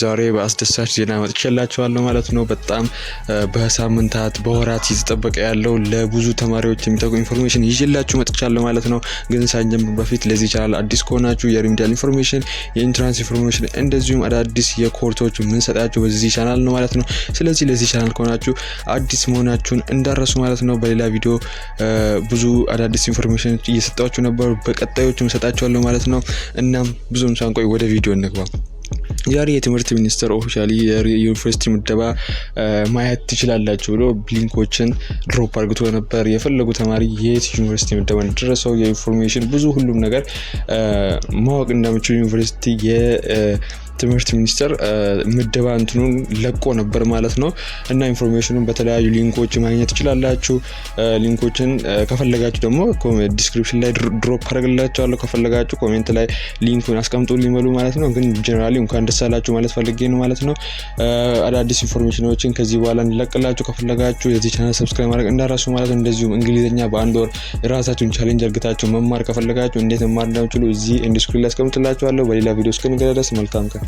ዛሬ በአስደሳች ዜና መጥቼላችኋለሁ ማለት ነው። በጣም በሳምንታት በወራት እየተጠበቀ ያለው ለብዙ ተማሪዎች የሚጠቁ ኢንፎርሜሽን ይዤላችሁ መጥቻለሁ ማለት ነው። ግን ሳንጀምር በፊት ለዚህ ቻናል አዲስ ከሆናችሁ የሪሚዲያል ኢንፎርሜሽን፣ የኢንትራንስ ኢንፎርሜሽን እንደዚሁም አዳዲስ የኮርቶች የምንሰጣችሁ በዚህ ቻናል ነው ማለት ነው። ስለዚህ ለዚህ ቻናል ከሆናችሁ አዲስ መሆናችሁን እንዳረሱ ማለት ነው። በሌላ ቪዲዮ ብዙ አዳዲስ ኢንፎርሜሽን እየሰጣችሁ ነበሩ። በቀጣዮቹ እሰጣችኋለሁ ማለት ነው። እናም ብዙም ሳንቆይ ወደ ቪዲዮ እንግባ። ዛሬ የትምህርት ሚኒስትር ኦፊሻሊ የዩኒቨርሲቲ ምደባ ማየት ትችላላችሁ ብሎ ሊንኮችን ድሮፕ አድርግቶ ነበር። የፈለጉ ተማሪ የት ዩኒቨርሲቲ ምደባ እንደደረሰው የኢንፎርሜሽን ብዙ ሁሉም ነገር ማወቅ እንደምችው ዩኒቨርሲቲ ትምህርት ሚኒስቴር ምደባ እንትኑን ለቆ ነበር ማለት ነው እና ኢንፎርሜሽኑን በተለያዩ ሊንኮች ማግኘት ትችላላችሁ። ሊንኮችን ከፈለጋችሁ ደግሞ ዲስክሪፕሽን ላይ ድሮፕ አደርግላችኋለሁ። ከፈለጋችሁ ኮሜንት ላይ ሊንኩን አስቀምጡ ሊመሉ ማለት ነው። ግን ጀነራሊ እንኳን ደስ አላችሁ ማለት ፈልጌ ነው ማለት ነው። አዳዲስ ኢንፎርሜሽኖችን ከዚህ በኋላ እንለቅላችሁ። ከፈለጋችሁ የዚህ ቻናል ሰብስክራይብ ማድረግ እንዳራሱ ማለት ነው። እንደዚሁም እንግሊዝኛ በአንድ ወር የራሳችሁን ቻሌንጅ እርግታችሁ መማር ከፈለጋችሁ እንዴት መማር እንደምችሉ እዚህ ኢንዱስትሪ ላይ አስቀምጥላችኋለሁ። በሌላ ቪዲዮ እስክንገናኝ ድረስ መልካም ቀን